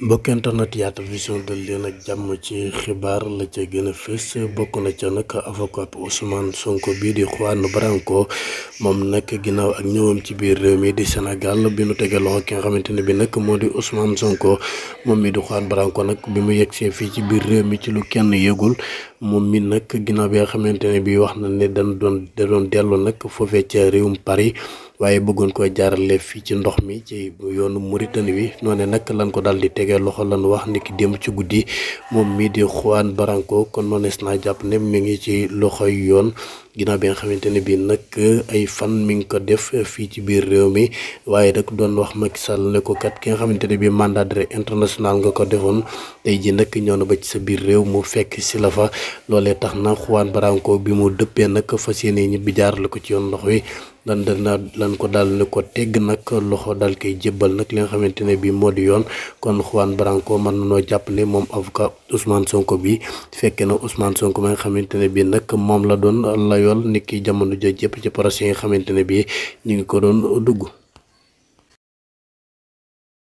mbokk internet Yatal Vision dal leen ak jàmm ci xibaar la ca gën a bokk na ca nag avocat Ousmane Sonko bii di Juan Branco moom nag ginnaaw ak ñëwam ci biir réew mi di Sénégal bi nu tegaloon ki nga xamante ne bi nag moo di Ousmane Sonko moom mi di nag bi mu yegsee fii ci biir réew mi ci lu kenn yëgul moom mi nag ginnaaw bi nga xamante ne bi wax na ne dañ doon da doon dellu nag foofee ca réewum Paris waaye bëggoon ko jaarale fii ci ndox mi ci yoonu Mauritanie wi noonu nag lan ko daal di teg tege loxo lan wax niki démb ci guddi moom mii di Juan Branco kon noonees naa jàpp ne mi ngi ci loxoy yoon ginnaaw bi nga xamante ne bii nag ay fan mi ngi ko def fii ci biir réew mi waaye rek doon wax Macky Sall ne ko kat ki nga xamante ne bii mandat d'arrêt international nga ko defoon tey ji nag ñoo na ba ci sa biir réew mu fekk si la fa loolee tax na Juan Branco bi mu dëppee nag fas yéene ñibbi jaar la ko ci yoon ndox yi. lan dal naa lan ko daal ne ko tegg nak loxo dal koy jébbal nag li nga xamante ne bii moo di yoon kon Juan Branco mën na noo jàppale moom avocat Ousmane Sonko bi fekkee na Ousmane Sonko ma nga xamante ne bii nag moom la doon layool niki jamono jooju yëpp ci procès yi nga xamante ne bii ñu ngi ko doon dugg.